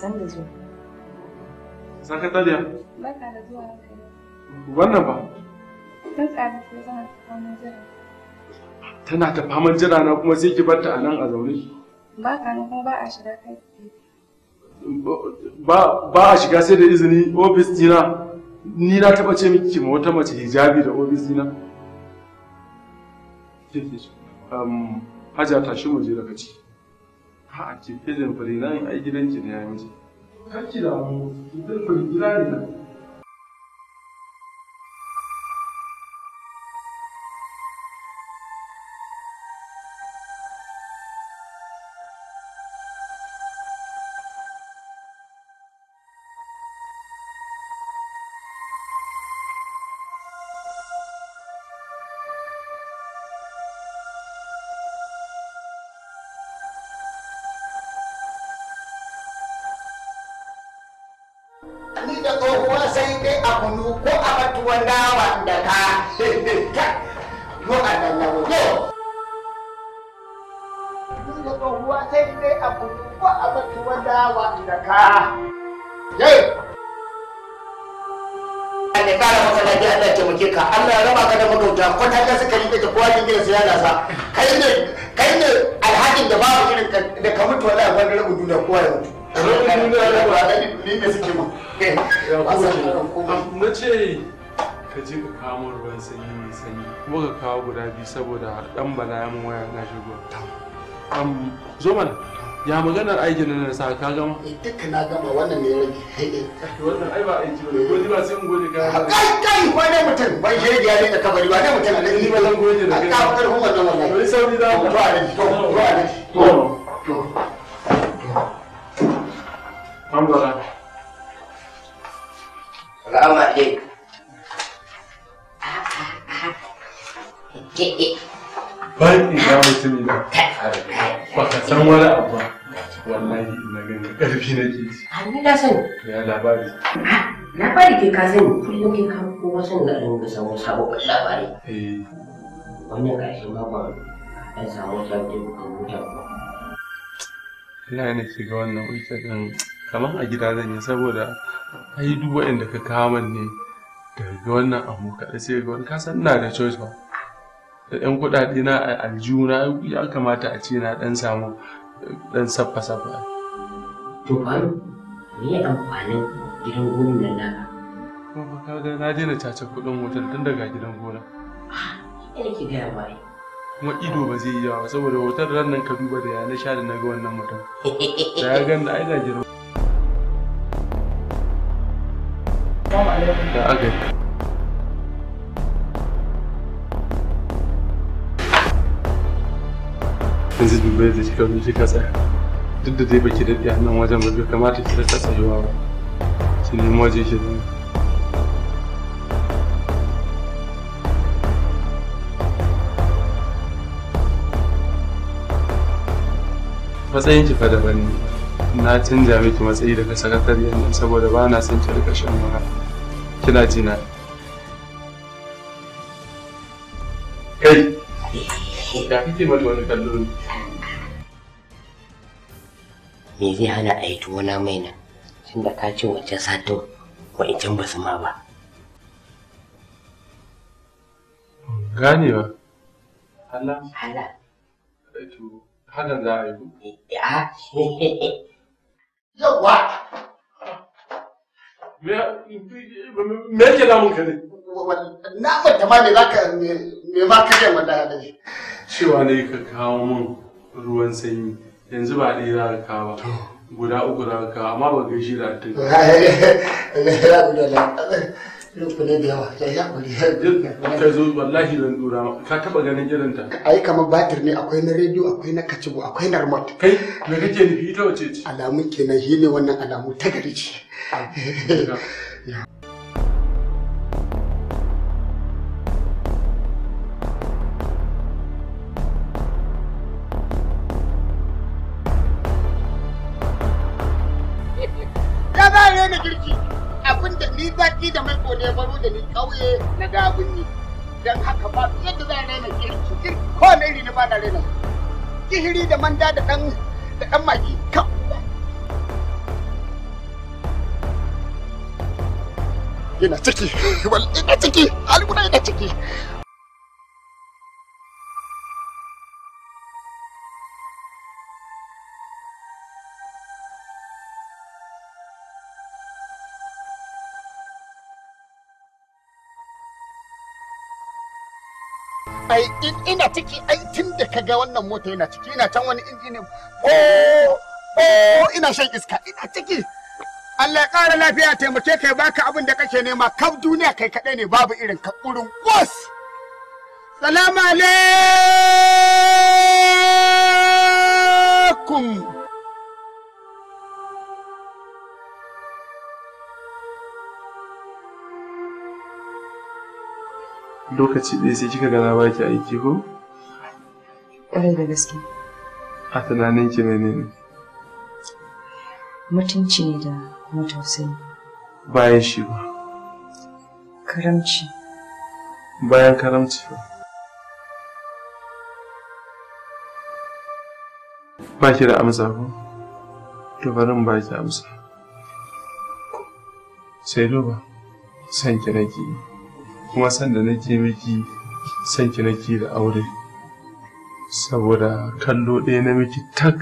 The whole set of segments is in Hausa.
san da barka da zuwa wannan ba tun tsari ko faman jira tana ta faman jira na kuma sai ki bar ta a nan a zaune ba ka nan kuma ba a shiga kai ba a shiga sai da izini ofis dina ni na taba ce miki ma wata mace hijabi da ofis dina um, Hajiya tashi mu je daga ciki. ha ai gidan ne ya kar ki da mu lalasa kai ne kai ne alhakin da babu irin da ka mutu wallahi wani duniya ya mutu duniya da da ni ne suke mu na ce ka ka kawo ruwan sanyi mai sanyi kuma ka kawo guda biyu saboda dan bala ya mu waya na shigo zo mana ya maganar aiki na sa ka gama eh, duka na gama wannan ne rage wannan ai ba aiki ba ba sai in ka kai mutum ya rika ne mutum da ni ba zan da kai ka wannan wallahi wani sauri da ku to to to mutum san wani abu ba. wallahi na ganin ƙarfi na ke ci hannu na sani ya labari labari ke ka sani kullum ke kawo kowa sani na ɗan ga samu sabon labari eh. wannan ƙarshen makon an samu sabbin wutar ba ina ne shiga wannan wutar ɗin kamar a gida zan yi saboda ai duk waɗanda ka kawo ne daga wannan abu kaɗai sai ga wani kasan ina da coci ba da 'yan kuɗaɗe na aljihuna ya kamata a ce na ɗan samu dan saffa saffa to faru me amfanin gidan gonan na naka kuma ka ga na daina caca kuɗin wutar tun daga gidan gona ah, ina ki gaya ma kuma ido ba zai yi yawa saboda wutar ran nan ka duba da ya na sha da na ga wannan mutum da ya gan da ai da gidan da aka yanzu dubai da shekaru kika tsaya duk da dai baki daɗe a wajen ba bai kamata ba matsayin ki ne na canja miki matsayi daga sakatariyar nan saboda ba na son ki rika shan kina ji na kai ya mata wani me zai hana a yi tuwo na mai nan tun da ka ce wancan satin wa'incan ba su ma ba. Gane ba. Hala? Hala. Eto, hala za a yi Ya. Yawwa! Me yake damun ka ne? Na manta ma me ka me ma kake da ne. Cewa ne ka kawo mun ruwan sanyi. yanzu ba ɗaya za ka ba guda uku za ka amma ba shi da tun ka zo wallahi zan dura ma ka taba ganin irin ta ai kamar batir ne akwai na rediyo akwai na kacibu akwai na remote kai me kake nufi ita wace ce alamun kenan shi ne wannan alamu ta gari ce na girki abin da ni zaki da mai ne baro da ni kauye na dabin ni don haka ba yadda girki girki ko na iri ba na kihiri da manda da dan da dan ina ciki wal ina ciki alguna ina ciki ai ina ciki ai tun da kaga wannan mota yana ciki ina can wani inji ne ko ko ina shan iska ina ciki Allah ya ƙara lafiya taimake kai baka abin da kake nema kaf duniya kai kaɗai ne babu irin ka ƙurin was salamu alaikum lokaci ɗaya sai kika gana ba ki aiki ko? Ƙwarai da gaske. A tunanin ki ne ne? Mutunci ne da kuma Bayan shi ba. Karamci. Bayan karamci ba. Ba ki da amsa ko? To bari in ba ki amsa. Sai duba, san ki nake kuma san da nake miki san ki nake da aure saboda kallo ɗaya na miki tak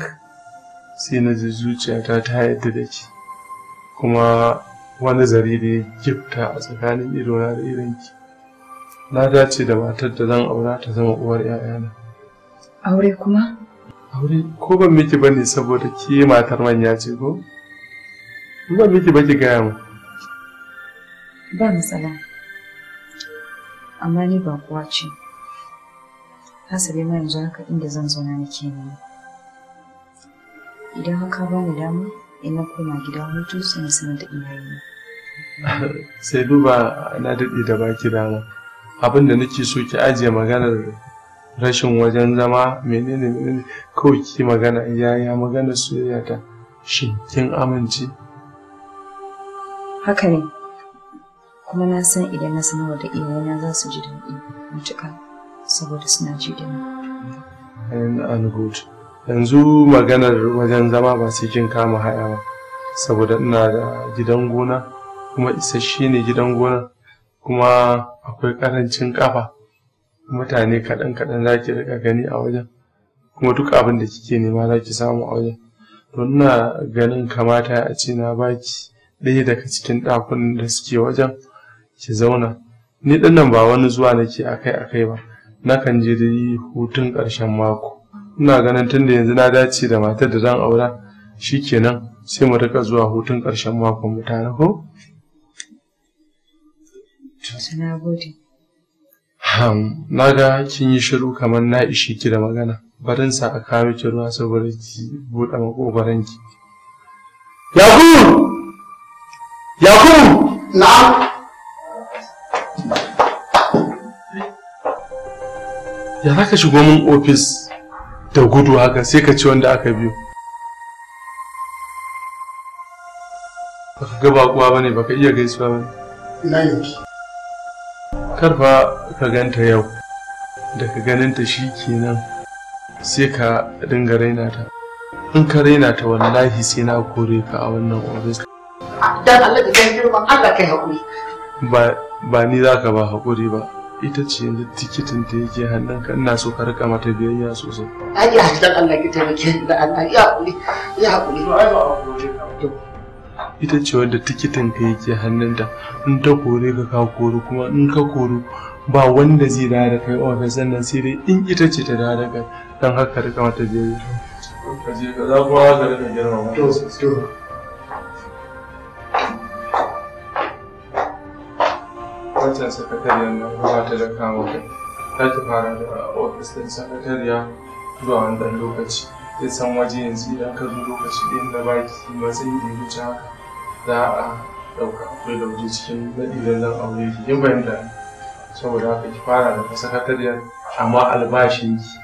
sai na ji zuciyata ta yadda da ki kuma wani zari da ya gifta a tsakanin idona da irin ki, na dace da matar da zan aura ta zama uwar 'ya'yana aure kuma aure ko ban miki bane saboda ke matar manya ce ko ban miki ba ki gaya mu ba misalan amma ni ba kuwa ce hasabe ma yanzu haka inda zan zauna nake nan. idan haka ba mu dama ina koma gida hutu su na sanar da yi. sai duba na daɗe da baki dama abin da nake so ki ajiye maganar rashin wajen zama menene menene kawai ki magana yaya maganar soyayya ta shin kin amince haka ne kuma na san idan na sanar da iyayena za su ji daɗi matuƙa saboda suna ji da ni. yanzu maganar wajen zama ba sai kin kama haya ba saboda ina da gidan gona kuma isasshe ne gidan gona kuma akwai ƙarancin ƙafa mutane kaɗan kaɗan za ki riƙa gani a wajen kuma duk abin da kike nema za ki samu a wajen to ina ganin kamata a ce na baki ɗaya daga cikin ɗakunan da suke wajen ki zauna ni nan ba wani zuwa nake akai akai ba nakan je yi hutun ƙarshen mako ina ganin tunda yanzu na dace da matar da zan aura shikenan sai mu rika zuwa hutun ƙarshen mako mu tare ko sana gode ham kin yi shiru kamar na ishi ki da magana barin sa a kawo ki ruwa saboda ki buɗe makogoran ki yakubu yakubu na'am ya za ka shigo min ofis da gudu haka sai ka ci wanda aka biyo baka ga bakuwa bane baka iya gaisuwa ba ina karfa ka ganta yau da ka ganinta shi kenan sai ka dinga raina ta in ka raina ta wallahi sai na kore ka a wannan ofis dan Allah ka girman Allah kai haƙuri ba ba ni zaka ba hakuri ba ita ce yanzu tikitin da yake hannun ka ina so ka rika mata biyayya sosai ai ya dan Allah ki taimake da Allah ya hakuri ya hakuri ita ce wanda tikitin ka yake ta in ta kore ka ka kore kuma in ka kore ba wanda zai dawo da kai ofis sannan sai dai in ita ce ta dawo da kai don haka rika mata biyayya ka je ka za kuma ka rika girma mata. to waccan sakatariyar nan ba ta da kama kai za ta fara da a ofis ɗin sakatariya zuwa wanda lokaci ya san waje yanzu idan ka zo lokaci ɗin da baki matsayi da wuce haka za a ɗauka akwai da waje cikin daɗi da zan aure ki in da saboda haka ki fara da sakatariyar amma albashin ki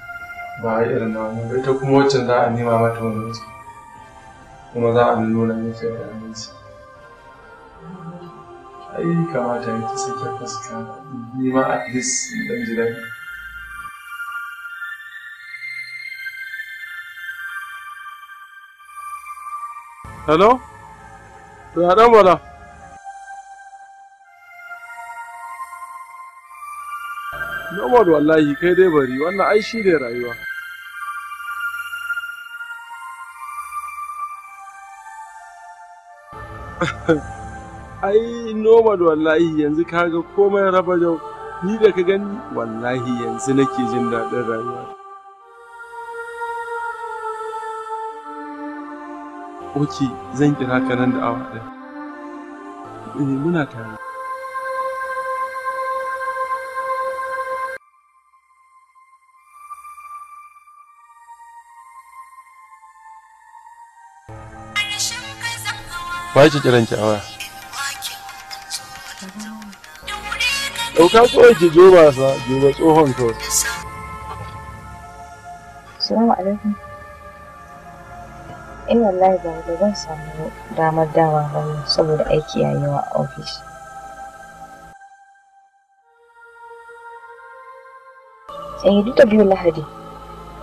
ba irin na wani ba ita kuma waccan za a nema mata wani kuma za a nuna miki da aminci. ai kamata ya ta sake fuska ni ma at least dan ji daɗi hello ya dan wala Nomad wallahi kai dai bari wannan ai shi ne rayuwa. Ha ai nomad wallahi yanzu kaga komai raba jau ni da ka gani wallahi yanzu nake jin daɗin rayuwa ok zan kira ka nan da awa ɗaya eh, muna tare Ba ki kiran ki a waya? Sauka kawai ki jo ba sa, jo tsohon kawai. Salamu alaikum. Eh wallahi ba da zan samu damar dawa ba ne saboda aiki ya yawa a ofis. Eh duk da biyu lahadi.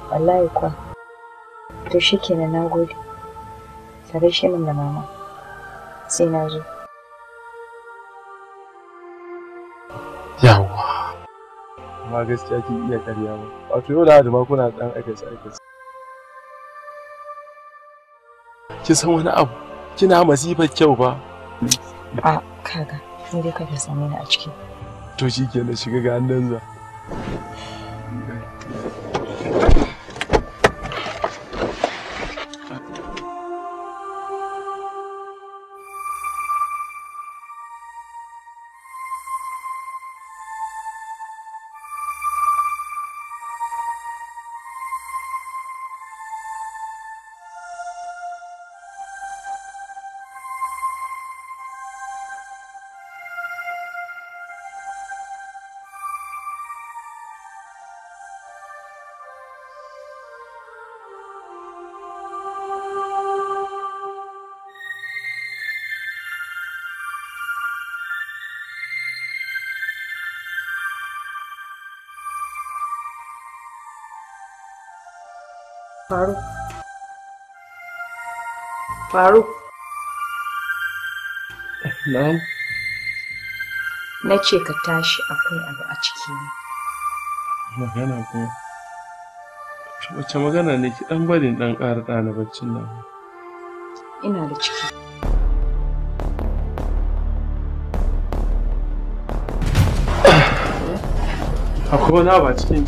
Wallahi kuwa, To shi kenan na gode. Tare shi min da mama. Sai na zo. amma gaskiya ke iya karya ba wato yau da ma kuna dan aikace aikace ki san wani abu kina masifar kyau ba a kaga in dai ka fi sani a ciki to shi ke na shiga ga hannun za Faruk. Na'am. Na ce ka tashi akwai abu a ciki ne. Magana ko? Wace magana ne ki ɗan barin ɗan ƙara ɗana baccin nan? Ina da ciki. Akwai wani abu a cikin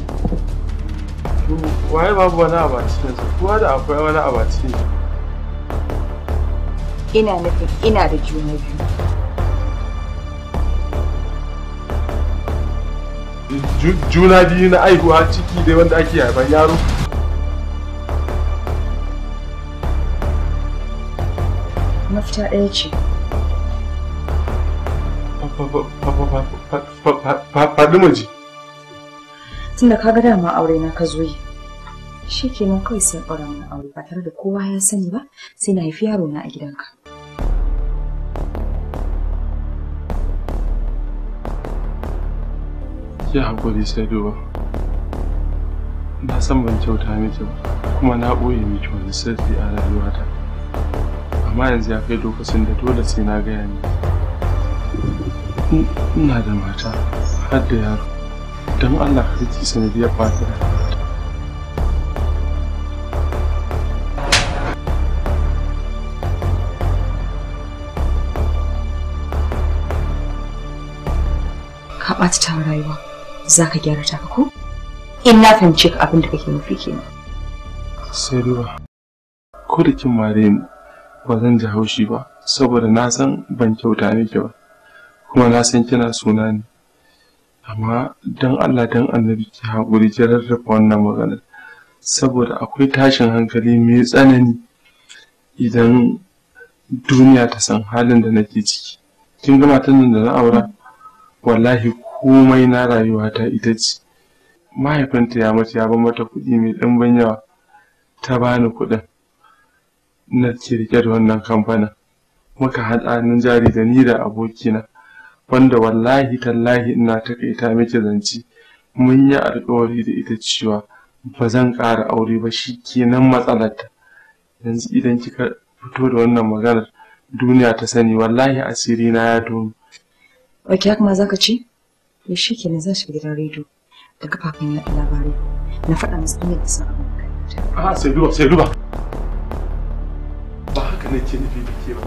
waye babu wani abu a cikin Kuwa da akwai wani abu a cikin ina nufin ina da juna biyu juna biyu na aihuwa ciki dai wanda ake haifan yaro mafita ɗaya ce faɗi maji tunda ka ga dama aure na ka zo yi shi kenan kawai sai ƙwarar aure ba tare da kowa ya sani ba sai na haifi yaro na a gidanka ya haƙuri sai duba. Na san ban kyauta miki ba, kuma na ɓoye miki wani sirri a rayuwata. Amma yanzu ya kai lokacin da dole sai na gaya ni. Ina da mata, har da yaro. Don Allah kar ki sanadiyar ɓata Ka ɓata ta rayuwa. za ka gyara ta ko in na fahimci abin da kake nufi kenan sai ruwa ko da kin mare ni ba zan ji haushi ba saboda na san ban kyauta miki ba kuma na san kina suna ne amma don Allah don annabi ki haƙuri ki rarrafa wannan magana. saboda akwai tashin hankali mai tsanani idan duniya ta san halin da nake ciki kin ga matan da na aura wallahi komai na rayuwa ta ita ce mahaifinta ya mace ya ban mata kuɗi mai ɗimbin yawa ta bani kuɗin na ke rike da wannan kamfanin muka haɗa nan jari da ni da abokina wanda wallahi tallahi ina takaita miki zance mun yi alƙawari da ita cewa ba zan ƙara aure ba shi kenan matsalarta yanzu idan kika fito da wannan maganar duniya ta sani wallahi asiri na ya tono. ya kuma ka ci? ya shi ke zan shiga gidan rediyo da kafafen yaɗa labarai na faɗa musu yadda san abin da kai. A'a sai duba sai duba. Ba haka nake nufi da ke ba.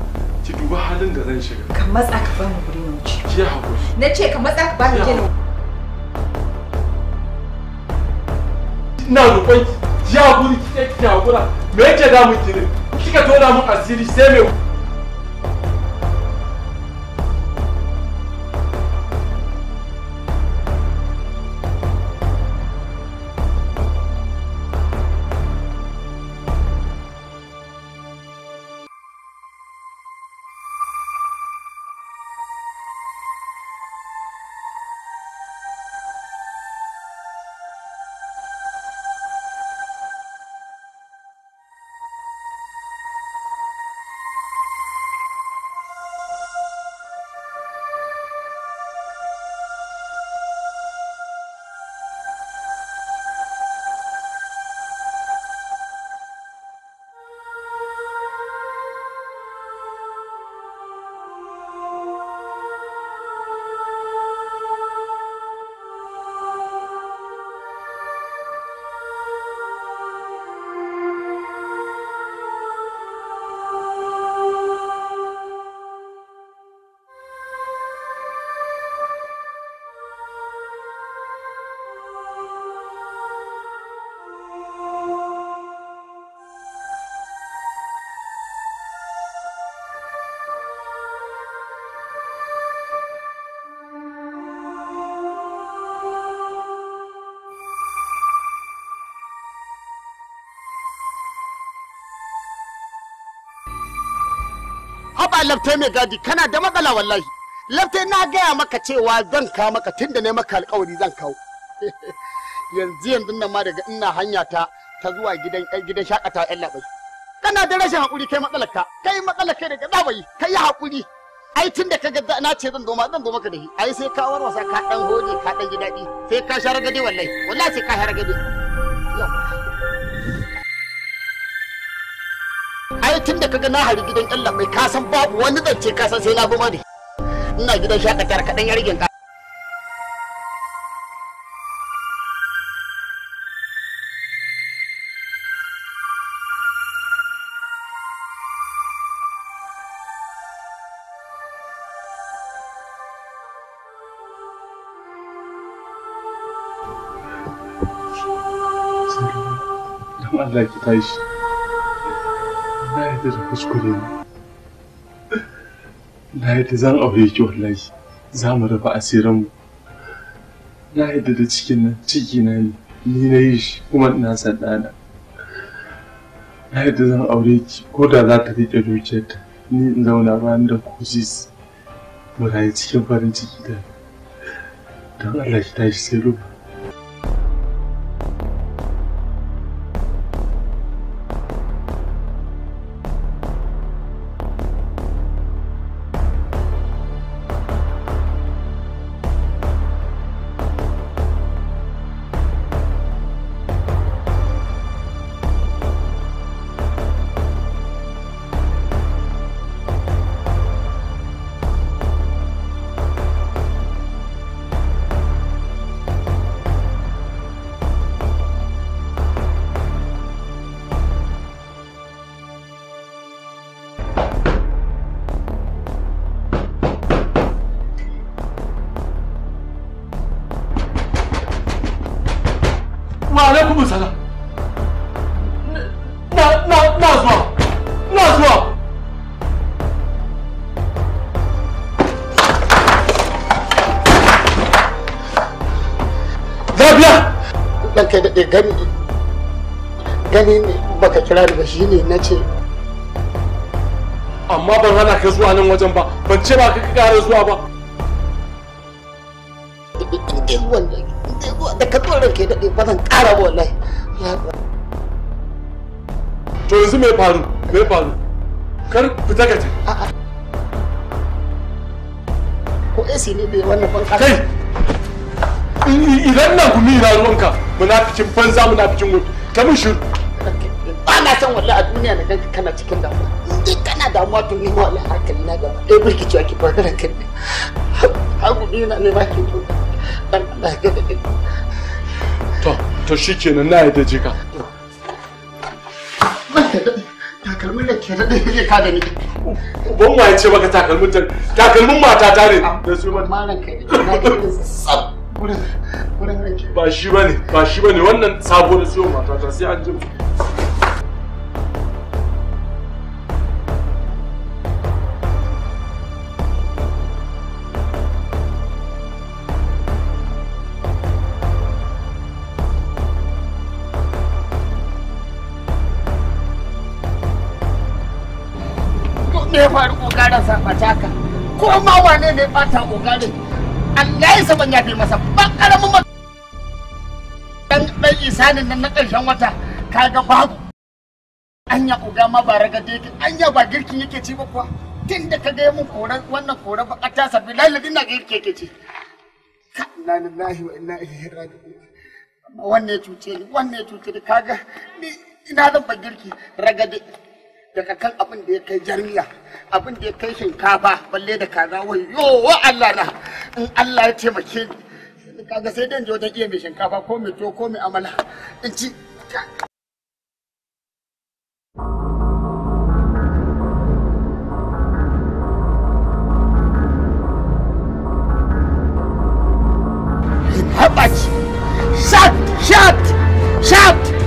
Ki duba halin da zan shiga. Ka matsa ka bani guri na wuce. Ki ya haƙuri. Na ce ka matsa ka bani guri na wuce. Ina roƙon ki ya haƙuri ki ki haƙura. Me yake damun ki ne? Kika tona mun asiri sai me haba lafte mai gadi kana da matsala wallahi lafte na gaya maka cewa zan kawo maka tunda ne maka alkawari zan kawo yanzu yanzu nan ma daga ina hanya ta ta zuwa gidan gidan shakata yan labai kana da rashin hakuri kai matsalar ka kai matsalar kai daga dabai kai yi hakuri ai tun da kaga na ce zan zo zan doma maka da shi ai sai ka warwasa ka dan hoje ka dan ji daɗi sai ka share gade wallahi wallahi sai ka share gade tun da kaga na hari gidan ƙyalla mai kasan babu wani zance kasan sai na goma ne ina gidan shakatar kaɗan ya rigin ka Allah ki tashi. irin kuskure ne na yadda zan aure ki wallahi za mu raba mu na yadda da cikin nan ciki na ne ni na yi shi kuma ina san ɗana na yadda zan aure ki ko da za ta riƙe dukiyarta ni in zauna bayan da kusis mu rayu cikin farin ciki da don Allah ki tashi sai ruba ɗan kai daɗe gani gani ne baka kira ni ba shine na ce amma ban hana ka zuwa nan wajen ba ban ce ba ka ƙara zuwa ba da ka tsoron ke daɗe ba zan ƙara ba wallahi to yanzu faru faru kar fita ka ce ko esi ne bai wannan ban kai idan nan kuma ina ruwanka munafikin banza munafikin wato ta mun shiru ba na san wallahi a duniya na ganka kana cikin damuwa kana damuwa to ni ma wallahi hankali na gaba ɗaya burkicewa ki bangaren kan ne hagu ne na nema ki to to to shikenan na yadda jika takalmin da ke daɗe ya ka da ni ban waye ce maka takalmin ta takalmin mata ta ne da su mata malan kai na ga ba shi ba bane ba shi ba bane wannan sabo da siyo matata sai an jima me ya faru kokarin sa fataka ko ma wane ne bata ƙoƙarin. an gaye sa masa ba karamin ba dan dan isanin nan na karshen wata kaga babu anya uga ma ba raga dai anya ba girkin yake ci ba kuwa tun da ka ga mun koran wannan koran ba ta sabbi lalle na girki yake ci Na lillahi wa inna ilaihi raji'un wannan ya cuce ni wannan ya cuce ni kaga ni ina zan ba girki raga dai daga kan abin da ya kai jarmiya abin da ya kai shinkafa balle da kaza wai yo wa Allah na in Allah ya taimake ni kaga sai dan je ta iya mai shinkafa ko mai to ko mai amala in ci Shut! Shut! Shut!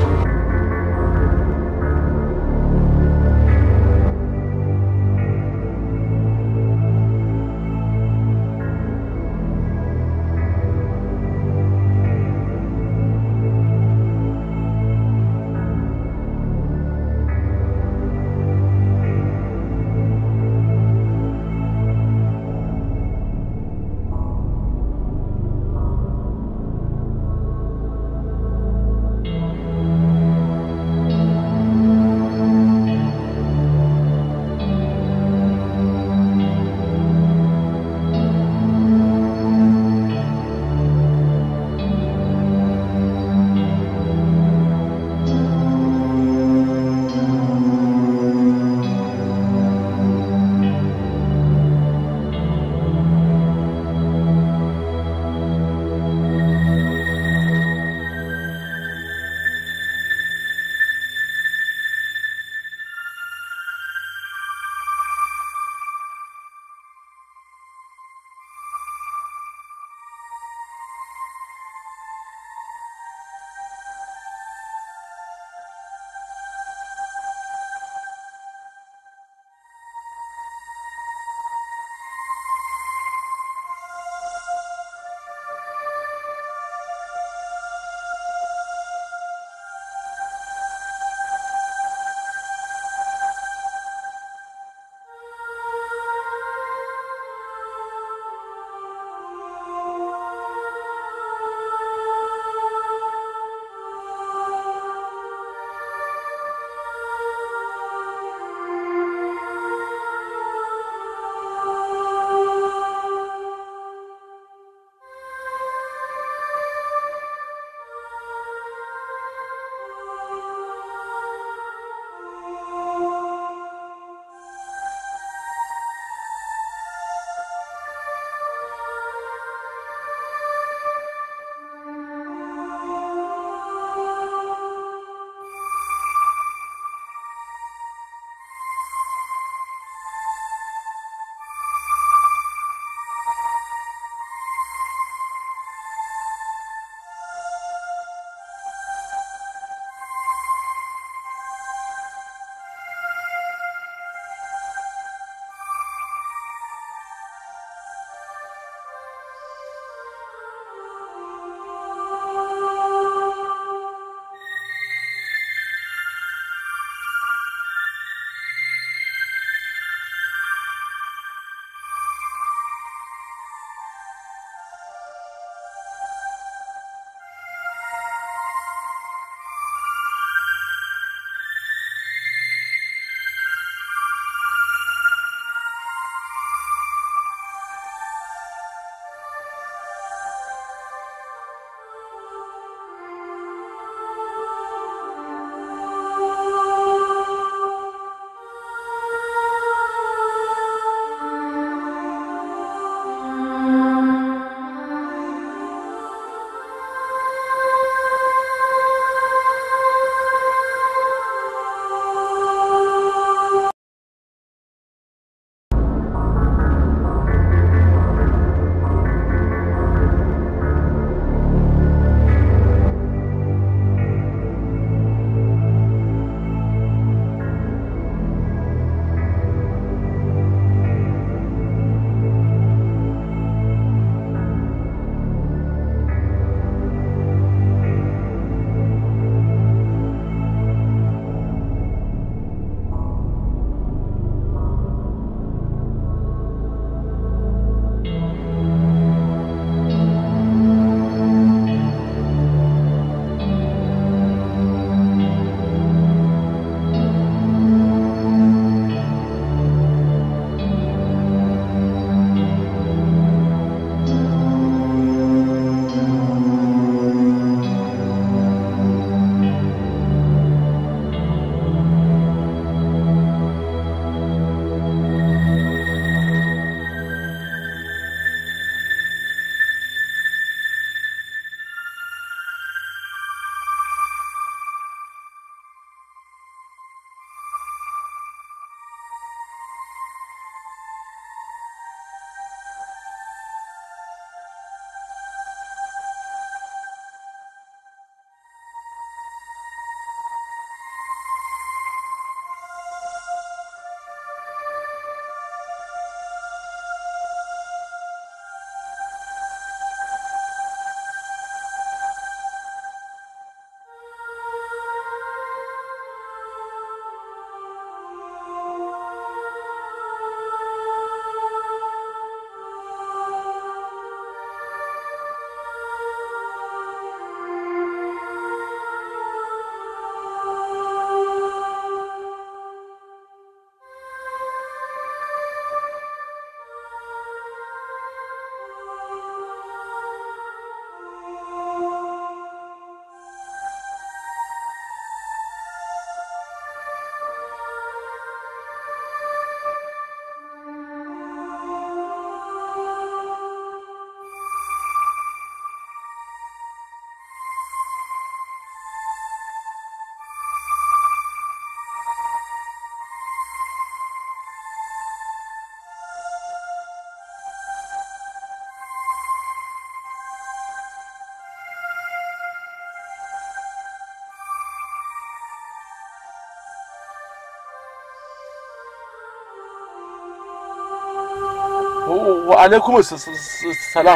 wa alaikum salam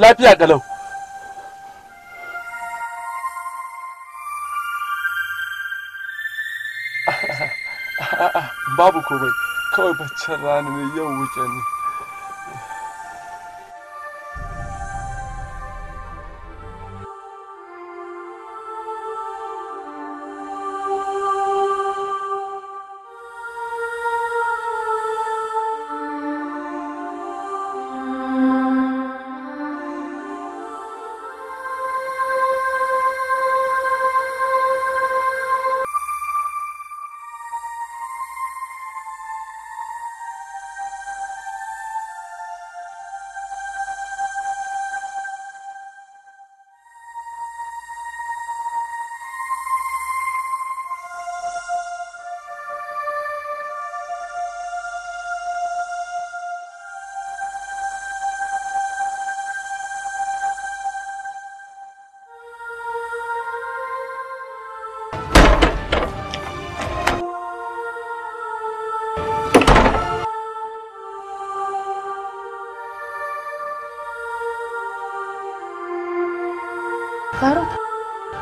lafiya galau babu komai kawai baccin rana ne yau wuce ne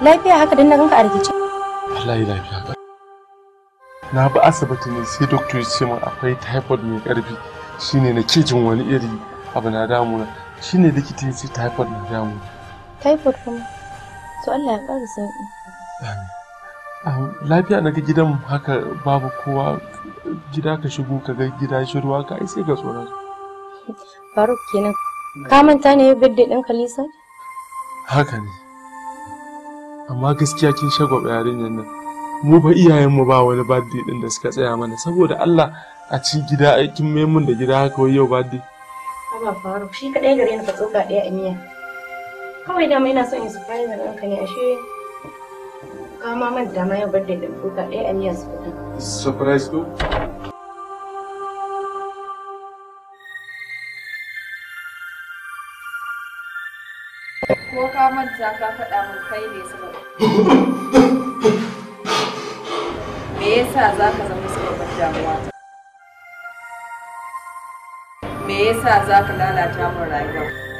Lafiya haka dan na ganka a rikice. ya lafiya ba. Na bi asibiti ne sai doctor ya ce min akwai typhoid mai karfi shine na ke jin wani iri abu na damuna shine likita ya ce typhoid na damu. Typhoid kuma? To Allah ya ƙara sauki. Lafiya na ga gidan haka babu kowa gida ka shigo ka ga gida shiru ka ai sai ka tsora Faruk kenan. Ka manta ne yau birthday ɗin Kalisa? Haka ne. amma gaskiya kin shagwaba yarinyar nan mu fa iyayenmu ba wani birthday din da suka tsaya mana saboda Allah a ci gida aikin mai mun da gida haka wai yau birthday Allah faru shi kadai gare ni ka tsoka daya a miya kawai mai na son in surprise ranka ne ashe ka ma manta ma yau birthday din tsoka daya a miya su fita surprise ko ko ka manta ka faɗa min kai ne sababin me yasa za ka zama sababin damuwa ta me yasa za ka lalata min rayuwa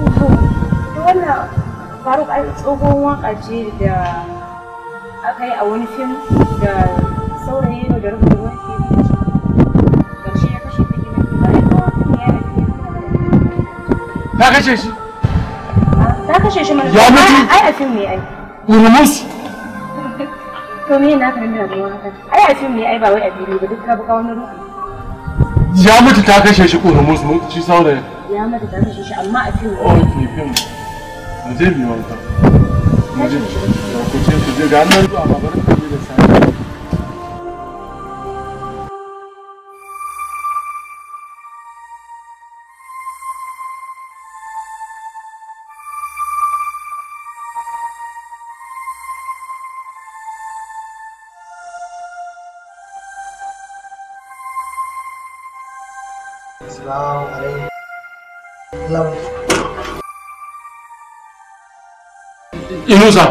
Da wannan faruk ai tsohon waka ce da aka yi a wani fim da saurayi da rubuta wani ƙarshe ya kashe ta gina ta bayan ta kashe shi ta kashe shi mana ya mutu ai a fim ne ai urmus to me na kan da ruwa ai a fim ne ai ba wai a bidiyo ba duk ka buka wani ruwa ya mutu ta kashe shi urmus mun ci saurayi ya mata ta kashe shi amma a fim ok oh, fim wanka je je ga nan zuwa babarin launi inusa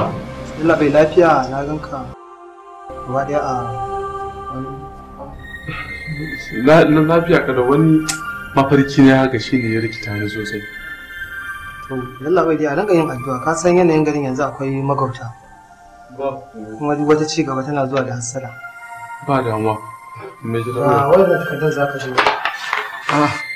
illa bai lafiya na ganka gaba daya a wani lafiya ka da wani mafarki na haka shi ne ya rikita ni sosai to yalla bai a rinka yin addu'a ka san yanayin garin yanzu akwai magauta kuma duk wata ci gaba tana zuwa da hassara ba damuwa me gida ba wannan takardar zaka je ah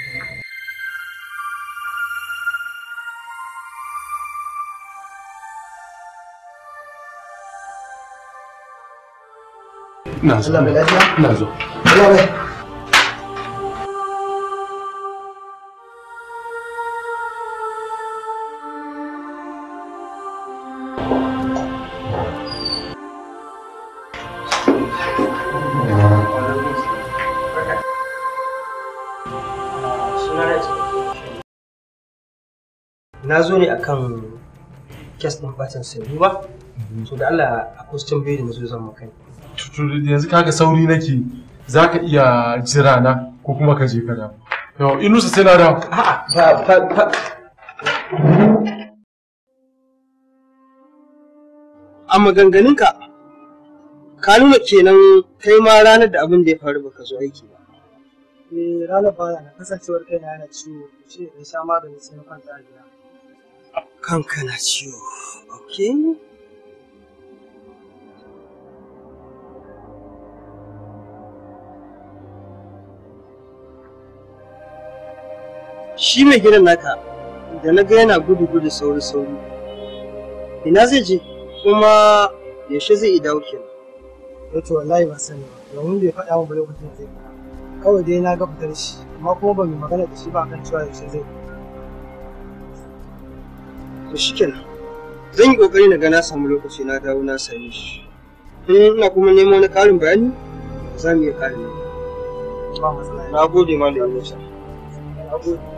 ina zo ina zo na zo ne akan kes din fatin sai ba so da Allah a kwastin biyu da zan maka yanzu kaga sauri nake zaka iya jira na ko kuma ka je ka da. yau inusa sai na da. a maganganun ka nuna kenan kai ma ranar da abin da ya faru baka zo aiki ba eh ranar baya na kasancewar kai na yana ciwo shi in sha magani sai na kwanta a gida kanka na ciwo okay shi mai gidan naka da na ga yana gudu gudu sauri sauri ina zai je kuma yaushe zai dawo kenan yato eh wallahi ba sani ba domin bai faɗa min ba lokacin zai kawai dai na ga fitar shi amma kuma ban yi magana da shi ba kan cewa yaushe zai to shikenan zan yi kokari na ga na samu lokaci na dawo na same shi in ina kuma nemo na ƙarin bayani za mu iya ƙarin na gode ma da yawanci na gode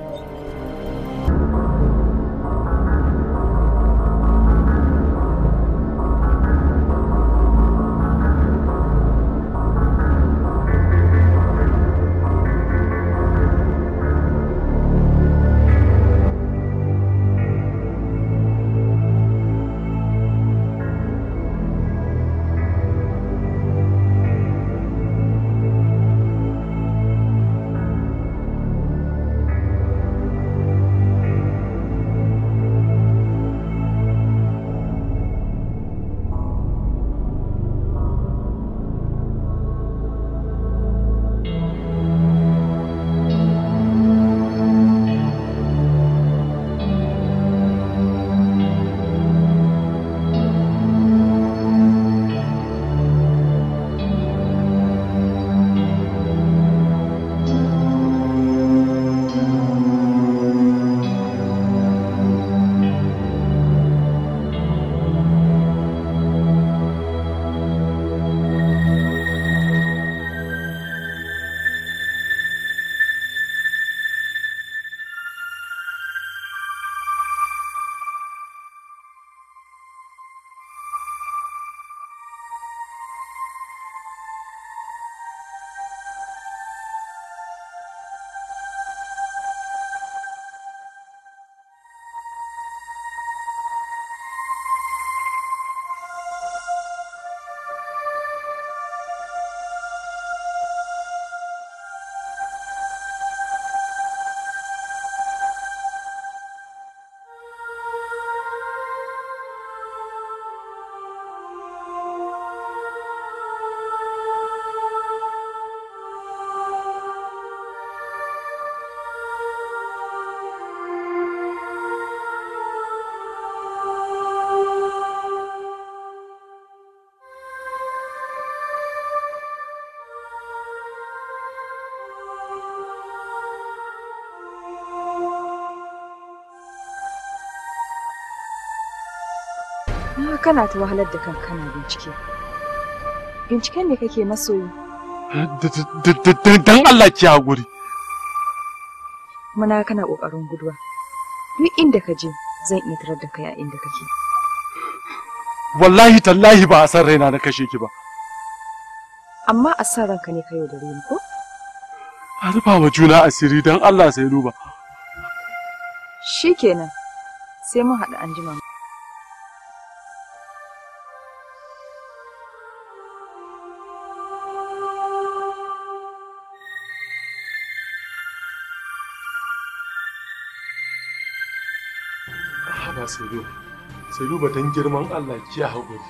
kana ta wahalar da kanka kana bincike binciken da kake masoyi eh, dan Allah ki haƙuri Muna kana ƙoƙarin guduwa duk inda ka je zan iya tarar da kai a inda kake wallahi tallahi ba a san raina na kashe ki ba amma a san ranka ne kai da ni ko a rufa wa juna asiri don Allah sai duba shikenan sai mun haɗu anjima na Saido. Saido ba tan girman Allah ki ya haƙuri.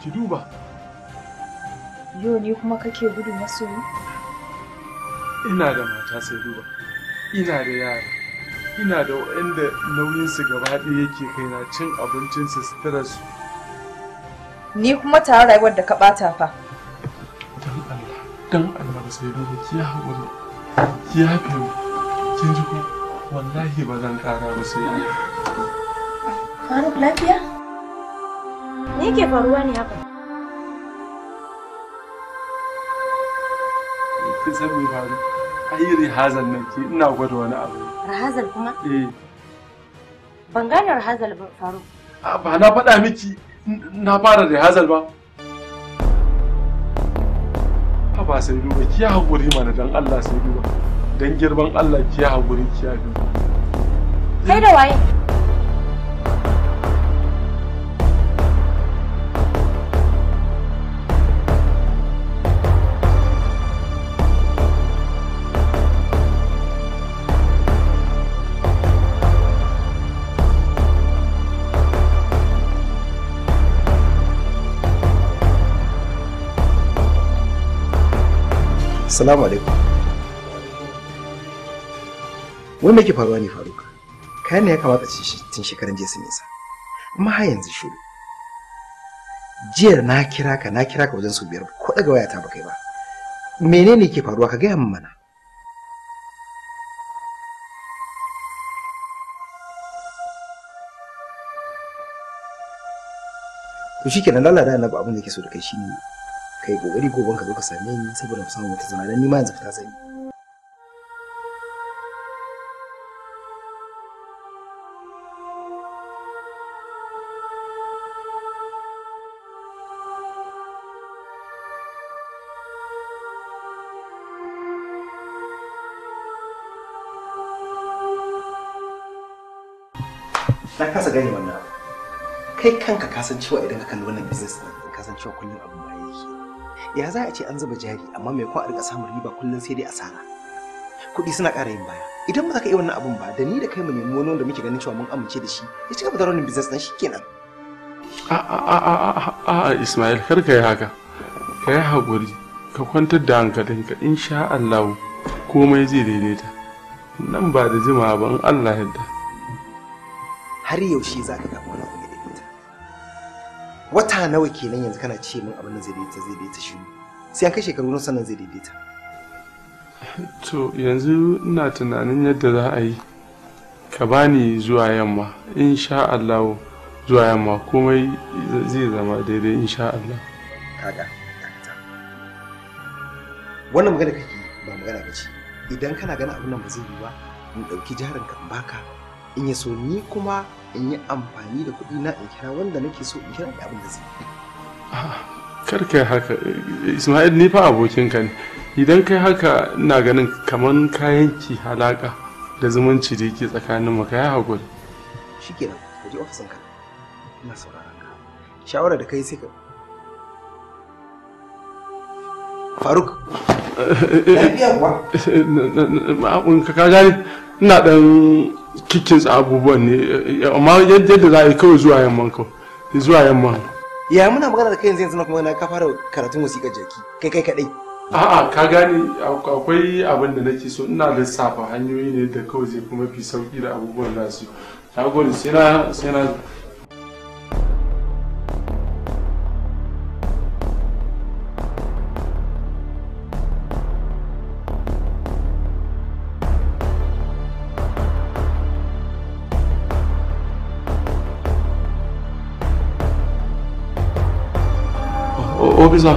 Ki duba. Yau ne kuma kake gudu masoyi? Ina da mata sai ba. Ina da yara. Ina da waɗanda nauyinsu gaba ɗaya yake na cin abincin abincinsu su. Ni kuma tare rayuwar da ka ɓata fa. Dan Allah, dan Allah Saido ba ki ya haƙuri. Ki ya fi kin ji ko wallahi ba zan ƙara ba sai Faruk lafiya? Me yake faruwa ne haka? Kin san me faru? Ai rihazal nake ina gwada wani abu. Rihazal kuma? Eh. Ban gane rihazal ba Faruk. Ba na faɗa miki na fara rihazal ba. ba sai duba ki ya haƙuri mana dan Allah sai duba dan girman Allah ki ya haƙuri ki ya duba kai da waye Assalamu alaikum. Wai me ke faruwa ne Faruk? Kayan ya kamata ci shi tun shekaran jiya su nisa. Amma har yanzu shiru. Jiyar na kira ka na kira ka wajen su biyar ko daga waya ta bakai ba. Menene ke faruwa ka gaya min mana? To na lalada na ba abin da ke so da kai shi ne. kai kokari goban ka zo ka same ni saboda ku samu wata zama dan ni ma yanzu fita sai Na kasa gani wannan kai kanka kasancewa idan ka kalli wannan business din kasancewa kullum abu ba yake ya za a ce an zuba jari amma mai kwa a rika samun riba kullum sai dai asara kuɗi suna ƙara yin baya idan ba za ka yi wannan abun ba da ni da kai mu nemi wani wanda muke ganin cewa mun amince da shi ya cika gaba da raunin business na shi kenan a a Ismail kar ka yi haka ka yi haƙuri ka kwantar da hankalinka insha Allah komai zai daidaita nan ba da jimawa ba in Allah yadda har yaushe za ka wata nawa kenan yanzu kana ce min abin da zai daidaita zai daidaita shi sai an kai shekaru nan sannan zai daidaita to yanzu ina tunanin yadda za a yi ka bani zuwa yamma insha Allah zuwa yamma komai zai zama daidai insha Allah kaga wannan magana kake ba magana ba ce idan kana ganin abin nan ba zai yi ba in ɗauki jarinka in baka in ya so ni kuma in yi amfani da kuɗi na in kira wanda nake so in kira da abin da zai kar kai haka ismail ni fa abokinka ne idan kai haka ina ganin kaman kayan ki halaka da zumunci da yake tsakanin mu kai hakuri shikenan ka je ofisin ka ina sauraron ka shawara da kai sai ka faruk lafiya kuwa ka gani ina dan kikin abubuwan ne eh, eh, amma yadda za a yi kawai zuwa yamman kawai zuwa yamman ya muna magana da kai yanzu yanzu kuma na ka fara karatun wasiƙar jaki kai kai kadai a'a ka gane akwai abin da nake so ina da safa hanyoyi ne da kawai zai kuma fi sauki da abubuwan za su yi na gode sai na sai na biza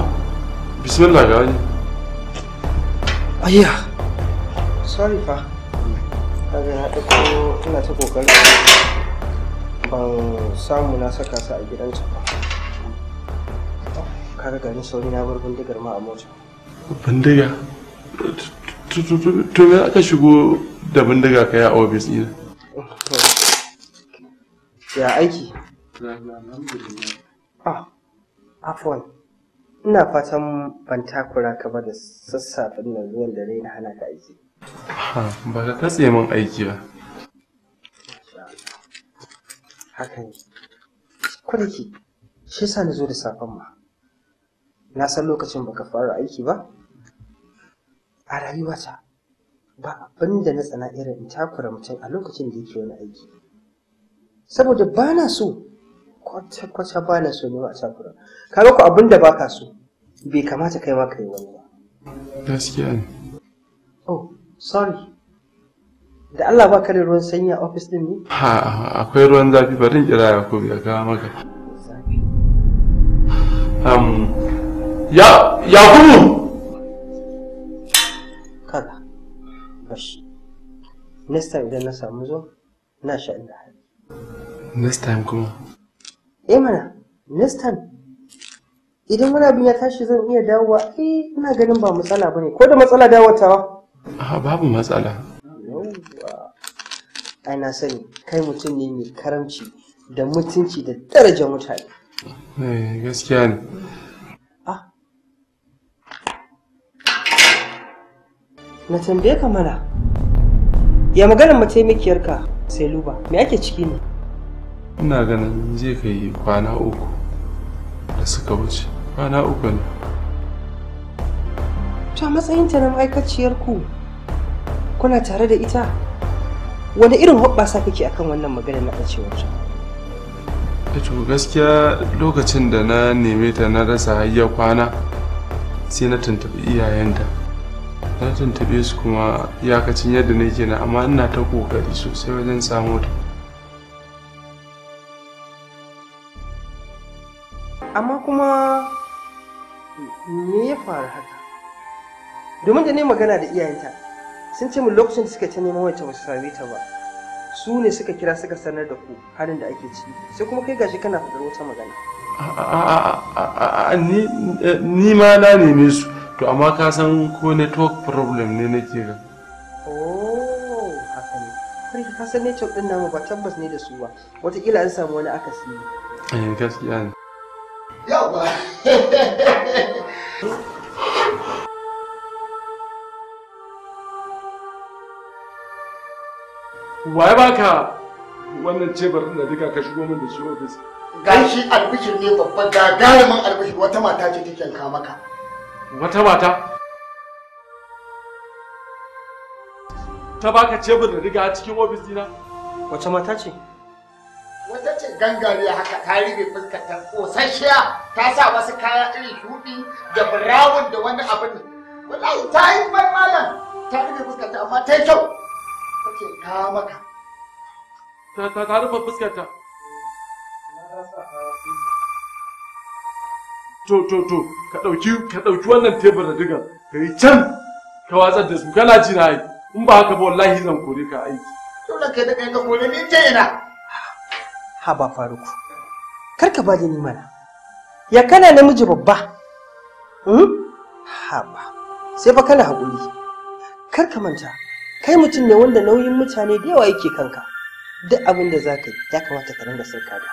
bismillah ga wani ayya sorry fa kaga na ɗauko ina ta kokarin ban samu na saka su a gidanta ba kaga garin sauri na bar bindigar ma a mota bindiga to me aka shigo da bindiga ka a ofis ɗina ya aiki ah afwan ina fatan ban takura ka ba da sassafin nan ruwan dare na hana ka aiki ha ba ka katse min aiki ba haka ne kwanaki shi yasa na zo da safen ma na san lokacin baka fara aiki ba a rayuwata ba abin na tsana irin takura mutum a lokacin da yake wani aiki saboda ba na so kwata-kwata ba na sonu a takura kaga ku abin da baka so bai kamata kai ma ka yi wani ba gaskiya ne oh sorry da Allah ba ka da ruwan sanyi a ofis din ne ha akwai ruwan zafi bari kira ya kuma ya kama maka um ya ya kuma kaga bashi next time idan na samu zo na sha'in da hali next time kuma E mana ministan idan wani abin ya tashi zan iya dawowa eh ina ganin ba matsala bane ko da matsala dawatawa a babu matsala ai na sani kai mutum ne mai karamci da mutunci da daraja mutane eh, gaskiya ne ah. na tambaye ka mana ya maganar mataimakiyarka sai luba me ake ciki ne ina ganin zai kai kwana uku da suka wuce kwana uku ne to a matsayinta na ma'aikaciyar ku kuna tare da ita wani irin hoɓɓasa kake akan wannan magana na ɓacewar eto eh gaskiya lokacin da na neme ta na rasa hayya kwana sai na tuntuɓi iyayenta na tuntuɓe su kuma iyakacin yadda nake na amma ina ta kokari sosai wajen samu ta amma kuma me ya faru haka domin da ne magana da iyayenta sun ce mu lokacin da suka ce neman wacce ba su same ta ba su ne suka kira suka sanar da ku halin da ake ciki sai kuma kai gashi kana faɗar wata magana eh, ni ma na neme su to amma ka san ko network problem ne nake ga oh haka ne cewa ɗin namu ba tabbas ne da su ba wataƙila an samu wani akasi ne eh, gaskiya ne yawa waye baka wannan cebar da duka ka shigo min da shi ofis gashi albishir ne babban gagarumin albishir wata mata ce take ka maka wata mata ta baka cebur da riga a cikin ofis dina wace mata ce wata ce gangariya haka ta ribe fuskar ta kosasshiya ta sa wasu kaya irin shudi da burawun da wani abin da. wallahi ta yi ban malam ta ribe fuskar amma ta yi kyau kake ka maka ta ta ta rufe fuskar ta to to to ka dauki ka dauki wannan tebur da digan ka yi can ka watsar da su kana ji na yi in ba haka ba wallahi zan kore ka aiki to da kai da kai ka kore ni ta yana. haba faruku kar ka bani ni mana ya kana namiji babba hmm? haba sai fa kana hakuri. kar ka manta kai mutum ne wanda nauyin mutane da yawa yake kanka duk abin da za ka yi ya kamata ka ringa sirka da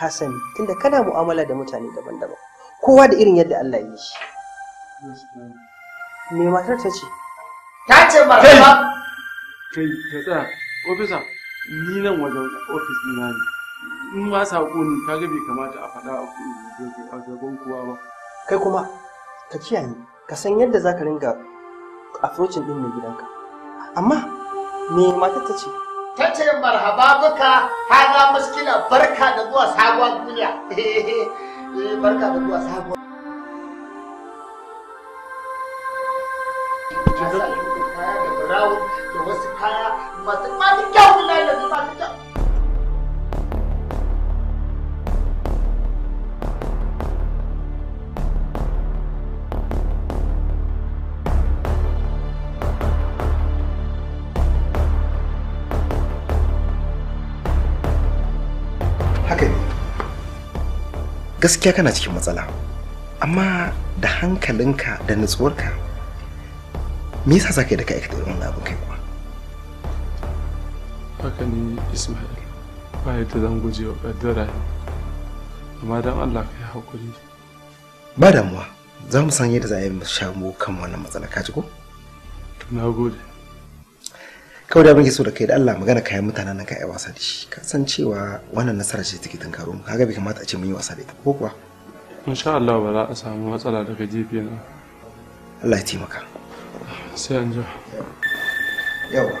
ka sani tunda kana mu'amala da mutane daban-daban kowa da irin yadda Allah ya yi shi me matar ta ce ta ce ba kai kai ta tsaya ofisa ni nan wajen ofis ɗina ne in ma saƙo ne ga bai kamata a faɗa a gaban kowa ba kai kuma ka kiyaye ka san yadda za ka ringa afrocin ɗin mai gidanka amma me matar ta ce ta ce marhaba baka haga muskila barka da zuwa sabuwar duniya eh, barka da zuwa sabuwar brown da wasu kaya masu masu kyau bila da su masu kyau gaskiya kana cikin matsala amma da hankalinka da nutsuwarka me yasa sake yi da ka aikata irin wannan abin kai kuwa haka ne ismail ba yadda zan guje wa kaddara amma don allah ka yi haƙuri ba damuwa za mu san yadda za a yi mu shamu kan wannan matsala ka ji ko na gode kawai da muke so da kai da Allah magana kayan mutanen nan ka yi wasa da shi ka san cewa wannan nasara ce take tunkaro mu kaga bai kamata a ce mun yi wasa da ita ko kuwa insha Allah ba za a samu matsala daga gefe na Allah ya taimaka sai an na yawa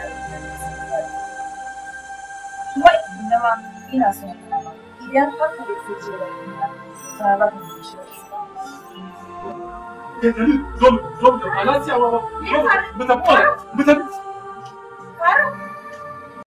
ina son kama idan haka da ke jira ina ta ba mu shi